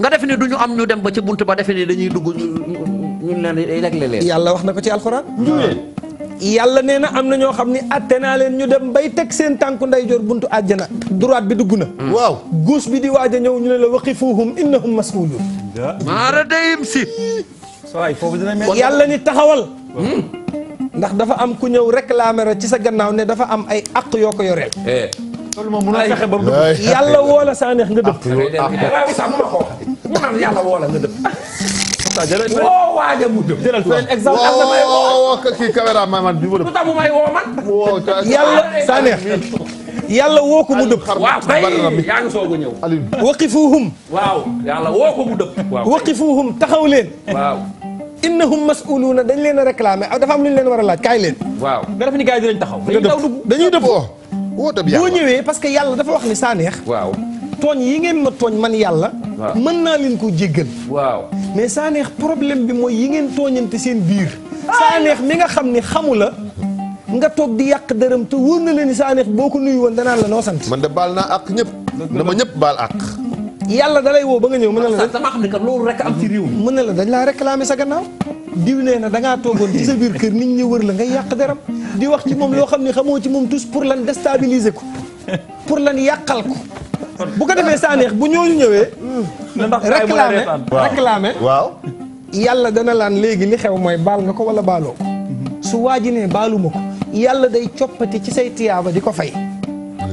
nga defe ni du ñu am ñu dem ba ci bunt ba defe ni dañuy dugg ñun leen day legle leen. yàlla wax na ko ci alxuraan. yàlla nee na am na ñoo xam ni atte naa leen ñu dem bay teg seen tànku ndeyjoor buntu àjjana. droite bi dugg na. waaw gauche bi di waaj ñëw ñu ne la waqifuhum innahum mas'uluun. maara dayim si. waay foofu dina mel yàlla ni taxawal. Hmm. ndax dafa am ku ñëw réclamer ci sa gannaaw ne dafa am ay àq yoo ko yoreel. Eh. يلا ولا ساني ندب يلا ووكو مدب وقفوهم واو يلا ووكو مدب وقفوهم تخاو لين واو انهم مسؤولون دنج لين ريكلامي دا فام لين لين ورا لاج كاي لين واو دا فني كاي دي لين تخاو داني دبو woote bi boo ñëwee parce que yàlla dafa wax ni saaneex waaw tooñ yi ngeen ma tooñ man yàlla. mën naa leen ko jéggal. waaw mais saa problème bi mooy yi ngeen tooñante seen biir. saa neex mi nga xam ni xamula nga toog di yàq dërëm te wóor na leen ni saa boo ko nuyu woon danaan la noo sant. man de baal naa àq ñëpp. dama ñëpp baal àq. yàlla da woo ba nga ñëw mën na loolu rek am ci réew mi mën la dañ laa réclamer sa gannaaw diw nee na da ngaa toogoon ci sa biir kër nit ñi wër la ngay yàq deram di wax ci moom loo xam ne xamoo ci moom tous pour lan déstabiliser ko pour lan yàqal ko bu ko defee saa neex bu ñooñu ñëwee réclamer réclamer waaw yàlla dana laan léegi li xew mooy baal nga ko wala baaloo ko su waaji nee baalu ma ko yàlla day coppati ci say tiyaaba di ko fay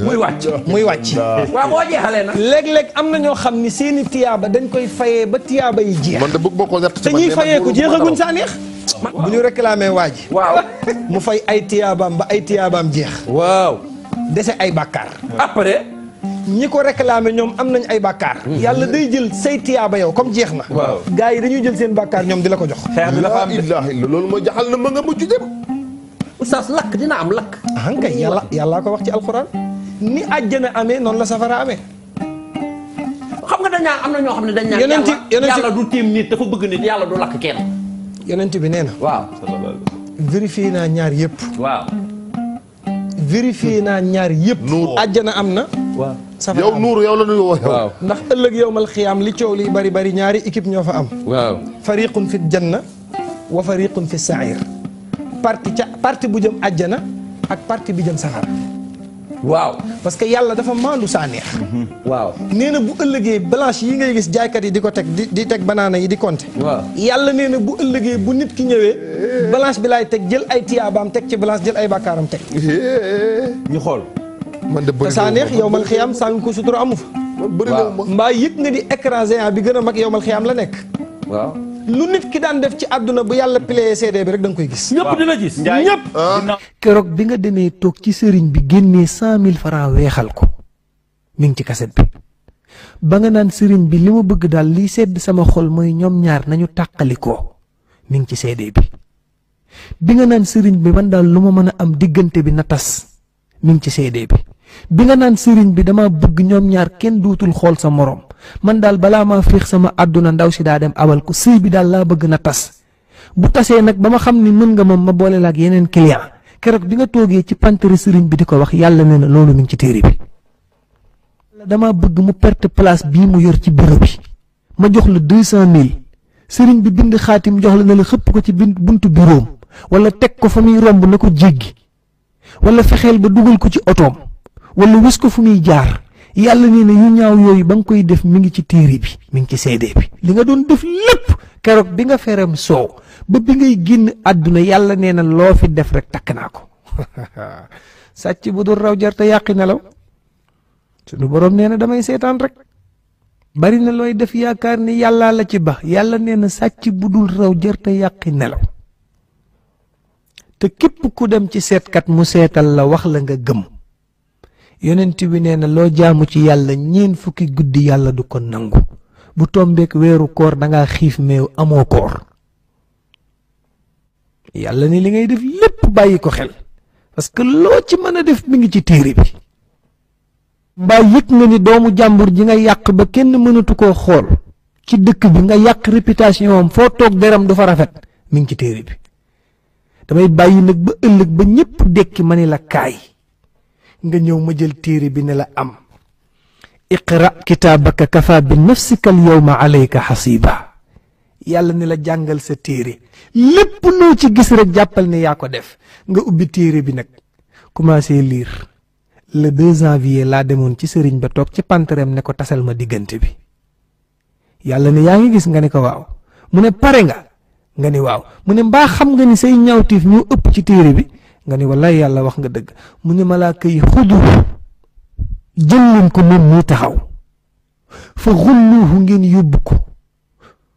muy wàcc muy wàcc waaw boo jeexalee nag léeg-léeg am na ño xam ni seeni tiyaaba dañ koy faye ba tiyaaba yi jeex man de bëgg ko te ñuy fayee ko jeexaguñ saa neex bu ñu réclamé waa ji waaw mu fay ay tiyaabaam ba ay tiyaabaam jeex waaw dese ay bàkkaar après ñi ko réclamé ñoom am nañ ay bàkkaar mm-hmm. yàlla day jël say tiyaaba yow comme jeex na waaw gars yi dañuy jël seen bàkkaar ñoom di la ko jox xeex bi dafa am de loolu mooy jaxal na ma nga mujj dem oustaz lakk dina am lakk ankay ah, yàlla yàllaa ko wax ci alxuraan ni àjjana amee noonu la safara amee. xam nga dañ naan am na ñoo xam ne dañ naan. yonent yàlla yàlla du tiim nit dafa bëgg nit yàlla du lakk kenn. yonent bi nee na. waaw. vérifié naa ñaar yëpp. waaw. naa ñaar yëpp. nuuru na am na. waaw safara yow nuuru yow la nuyu woo. waaw ndax ëllëg yowmal xiyaam li coow li bari bari ñaari équipe ñoo fa am. waaw fariqun fi janna wa fariqun fi sair parti bu jëm àjjana ak parti bi jëm safara. waaw parce que yàlla dafa maandu saa neex mhm. waaw nee na bu ëllëgee blanche yi ngay gis jaaykat yi di ko teg di teg banaana yi di compter. waaw yàlla nee na bu ëllëgee bu nit ki ñëwee blanche bi laay teg jël ay tiyaabaam teg ci blanche jël ay bàkkaaram teg ñu xool man de bëri saa neex yow mal xiyaam saa ngi ko sutura amu fa mbaa yëg nga di écran bi gën a mag yow mal xiyaam la nekk lu nit ki daan def ci àdduna bu yàlla pilee CD bi rek da nga koy gis. ñëpp dina gis ñëpp. Ah. keroog bi nga demee toog ci sëriñ bi génnee cent mille francs weexal ko mi ngi ci kaset bi ba nga naan sëriñ bi li ma bëgg daal liy sedd sama xol mooy ñoom ñaar nañu tàqalikoo mi ngi ci CD bi bi nga naan sëriñ bi man daal lu ma mën a am diggante bi na tas mi ngi ci CD bi. bi nga naan sëriñ bi dama bëgg ñoom ñaar kenn duutul xool sa moroom man daal balaa maa féex sama àdduna ndaw si daa dem abal ko sëy bi daal laa bëgg na tas bu tasee nag ba ma xam ni mën nga moom ma booleel ak yeneen client keroog bi nga toogee ci pantere sëriñ bi di ko wax yàlla nee na loolu mi ci téere bi dama bëgg mu perte place bii mu yor ci bureau bi ma jox la deux cent mille sëriñ bi bind xaatim jox la ne la xëpp ko ci buntu bureau wala teg ko fa muy romb na ko jéggi wala fexeel ba dugal ko ci otoom wala wis ko fu muy jaar yàlla nee na yu ñaaw yooyu ba nga koy def mu ngi ci téere bi mu ngi ci seede bi li nga doon def lépp keroog bi nga feram soow ba bi ngay génn àdduna yàlla nee na loo fi def rek takk naa ko sàcc bu dul raw jerte te yàqi nelaw borom nee na damay seetaan rek bari na looy def yaakaar ni yàllaa ci yàlla nee na sàcc bu dul raw jar te nelaw te képp ku dem ci seetkat mu seetal la wax la nga gëm yonent bi nee na loo jaamu ci yàlla ñeen fukki guddi yàlla du ko nangu bu tombeek weeru koor danga xiif meew amoo koor yàlla ni li ngay def lépp bàyyi ko xel parce que loo ci mën a def mi ngi ci téere bi mbaa yëg nga ni doomu jàmbur ji nga yàq ba kenn mënatu koo xool ci dëkk bi nga yàq répitation am foo toog deram du fa rafet mi ngi ci téere bi damay bàyyi nag ba ëllëg ba ñëpp dekki ma ni la kaay nga ñëw ma jël téere bi ne la am iqra kitabaka kafa bin nafsika alyawma alayka hasiba yalla ne la setiri. sa téré lepp loo ci gis rek jappal ne ya ko def nga ubbi téré bi nak commencé lire le 2 janvier la demone ci serigne ba tok ci pantereem ne ko tassal ma digënté bi yalla ne ya nga gis nga ne ko waw mu ne nga nga ni waw mu ne xam nga ni say ñawtif ñu upp ci téré bi nga ni wallaay yàlla wax nga dëgg mu ne malaaka yi xudu jël leen ko moom muy taxaw fa xulluuhu ngeen yóbbu ko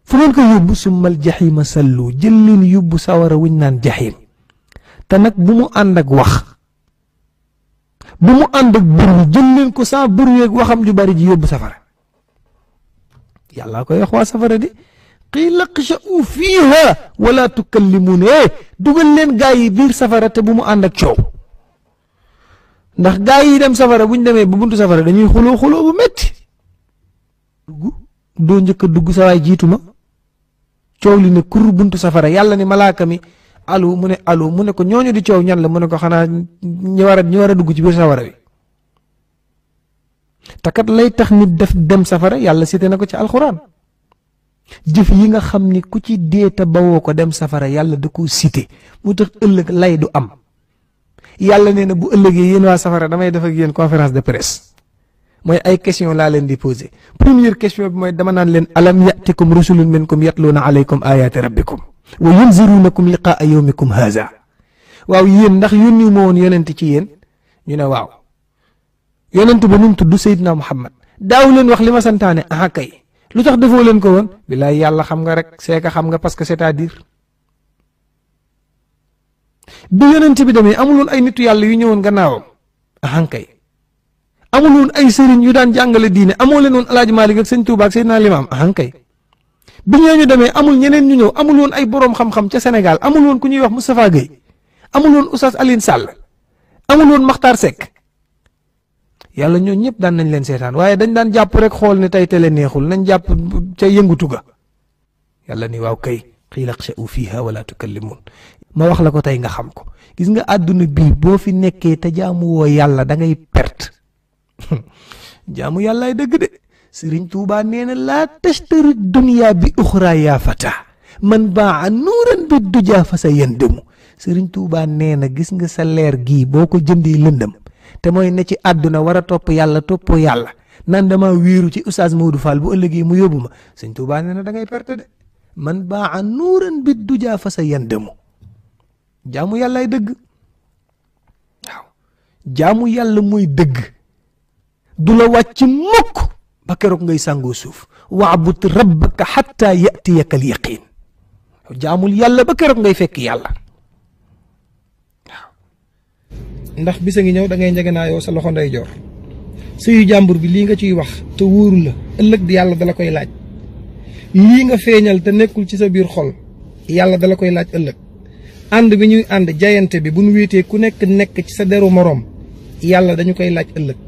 fu ngeen ko yóbbu summal jaxiima sallu jël leen sawara wuñ naan jaxiim te nag bu mu ànd ak wax bu mu ànd ak bërwi jël leen ko saa bërweeg waxam ju bari ji yóbbu safara yàlla koy wax waa safara di qiila qsha'u fiiha wala tukallimuun eh dugal leen gaa yi biir safara te bu mu ànd ak coow ndax gaa yi dem safara buñ ñu demee ba buntu safara dañuy xuloo xuloo bu métti dugg doo njëkk dugg sa waay jiitu ma coow li ne kur buntu safara yàlla ne malaaka mi alu mu ne alu mu ne ko ñooñu di coow ñan la mu ne ko xanaa ñi war dugg ci biir safara bi te lay tax nit def dem safara yàlla cité na ko ci alxuraan. jëf yi nga xam ni ku ci dee te bawoo ko dem safara yàlla da ko cité mu tax ëllëg lay du am yàlla nee na bu ëllëgee yéen waa safara damay def ak yéen conférence de presse mooy ay question laa leen di poser première question bi mooy dama naan leen alam yatikum rusulun minkum yatluuna alaykum ayati rabbikum wa yunzirunakum liqaa yawmikum haza waaw yéen ndax yónni ma woon yonent ci yéen ñu ne waaw yonent ba nu mu tudd Seydina Muhammad daawu leen wax li ma santaane ah kay lu tax defoo leen ko woon bilaay yàlla xam nga rek seeka xam nga parce que c'est-à-dire bi yonent bi demee amuloon ay nitu yàlla yu ñëwoon gannaawam ahankay amuloon ay sëriñ yu daan jàngale diine amoo leen woon alaaji Maalik nga sëñ Tuubaa ak Seydina Limaam kay bi ñooñu demee amul ñeneen ñu ñëw amul woon ay boroom xam-xam ca senegal amul woon ku ñuy wax Moustapha Guèye amul woon Oustaz Aline Sall amul woon Makhtar Seck yàlla ñoo ñëpp daan nañ leen seetaan waaye dañ daan jàpp rek xool ne tele neexul nañ jàpp ca yëngutu ga yàlla ni waaw kay xiilaq sha u fiha wala tukallimun ma wax la ko tey nga xam ko gis nga àdduna bii boo fi nekkee te jaamu woo yàlla dangay ngay perte jaamu yàllaay dëgg de sëriñ tuubaa nee na laa tashtari dunya bi uxra yaa man baa nuuran bi dujaa fa sa yëndëmu sëriñ tuubaa nee na gis nga sa leer gii boo ko jëndee lëndëm te mooy ne ci àdduna war a topp yàlla toppoo yàlla nan dama wiiru ci oustaz Modou Fall bu yi mu yóbbu ma sëñ baa nee na da perte de man baa a nuuran du jaa fa sa yandemu jaamu yàllaay dëgg waaw jaamu yàlla mooy dëgg du la wàcc mukk ba keroog ngay sangoo suuf waabut rabbaka xatta yatiyaka al yaqin jaamul yàlla ba keroog ngay fekk yàlla ndax bisa ngi ñëw da ngay njegenaayoo sa loxo nday joor sëyu jàmbur bi lii nga ciy wax te wóoru la ëllëg yàlla dala koy laaj lii nga feeñal te nekkul ci sa biir xol yàlla dala koy laaj ëllëg ànd bi ñuy ànd jayante bi bu nu wéetee ku nekk nekk ci sa deru moroom yàlla dañu koy laaj ëllëg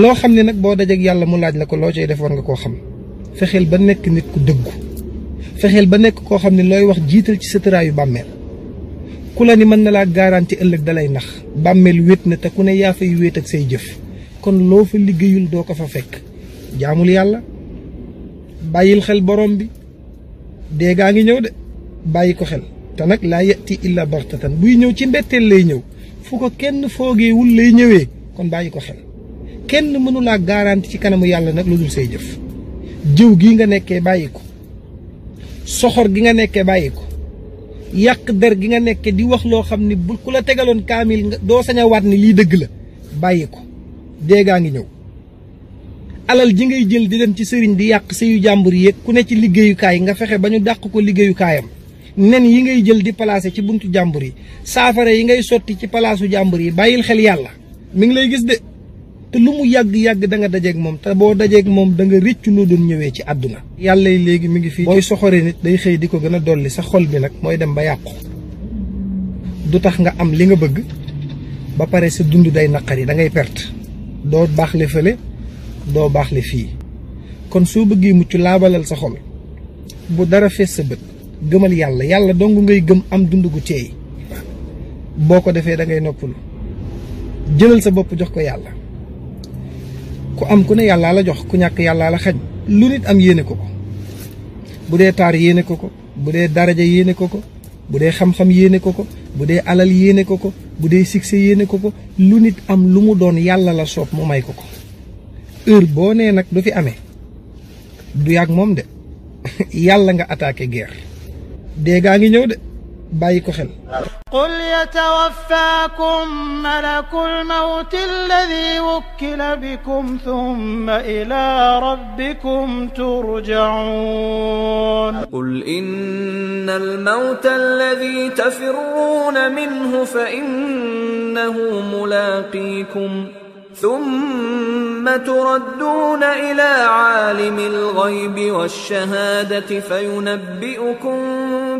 loo xam ne nag boo dajeeg yàlla mu laaj la ko loo cay def nga koo xam fexeel ba nekk nit ku dëggu fexeel ba nekk koo xam ne looy wax jiital ci sa tëraayu bàmmeel kula ni man na laa garanti ëllëg dalay nax bammel wét na te kune ne fay wet ak say jëf kon lo fa liggeyul do ko fa fek jaamul yalla bayil xel borom bi de gaa ngi de bayiko xel te nak la yati illa bartatan buy ñew ci mbettel lay ñew fu ko kenn wul lay ñewé kon bayiko xel kenn la garanti ci kanamu yalla nak lu dul say jëf jëw gi nga nekké bayiko soxor gi nga nekké bayiko yàq der gi nga nekke di wax loo xam ni bu ku la tegaloon kaamil nga doo sañ a waat ni lii dëgg la bàyyi ko déegaa ngi ñëw alal ji ngay jël di dem ci sëriñ di yàq sëyu jàmbur yéeg ku ne ci liggéeyukaay nga fexe ba ñu dàq ko liggéeyukaayam nen yi ngay jël di placé ci buntu jàmbur yi saafara yi ngay sotti ci palaasu jàmbur yi bàyyil xel yàlla mi ngi lay gis de te lu mu yàgg-yàgg danga dajeek moom te boo dajeeg moom da récc rëccu noo doon ñëwee ci àdduna yàlla yi léegi mi ngi fii booy soxoree nit day xëy di ko gën a dolli sa xol bi nag mooy dem ba yàqu du tax nga am li nga bëgg ba pare sa dund day naqari da ngay perte doo baax baaxle fële doo baaxle fii kon soo bëggee mucc laabalal sa xol bu dara fees sa bët gëmal yàlla yàlla dong ngay gëm am dund gu teey boo ko defee da ngay noppalu jëlal sa bopp jox ko yàlla ku am ku ne yàllaa la jox ku ñàkk yàllaa la xañ lu nit am yéene ko ko bu dee taar yéene ko ko bu dee daraja yéene ko ko bu dee xam-xam yéene ko ko bu dee alal yéene ko ko bu dee succès yéene ko ko lu nit am lu mu doon yàlla la soob mu may ko ko heure boo nee nag du fi amee du yàgg moom de yàlla nga attaqué guerre dee ngi ñëw de bàyyi ko xel qul yatawaffakum malakul mawti alladi wukkila bikum thumma ila rabbikum turjaun qul inna almawta alladi tafirruna minhu fa innahu mulaqikum ثم تردون إلى عالم الغيب والشهادة فينبئكم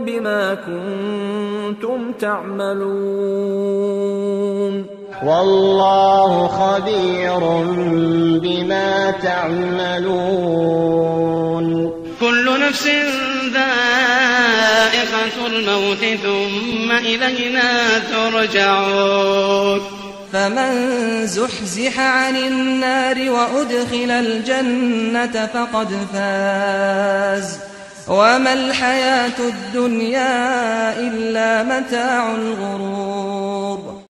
بما كنتم تعملون والله خبير بما تعملون كل نفس ذائقة الموت ثم إلينا ترجعون فمن زحزح عن النار وأدخل الجنة فقد فاز وما الحياة الدنيا إلا متاع الغرور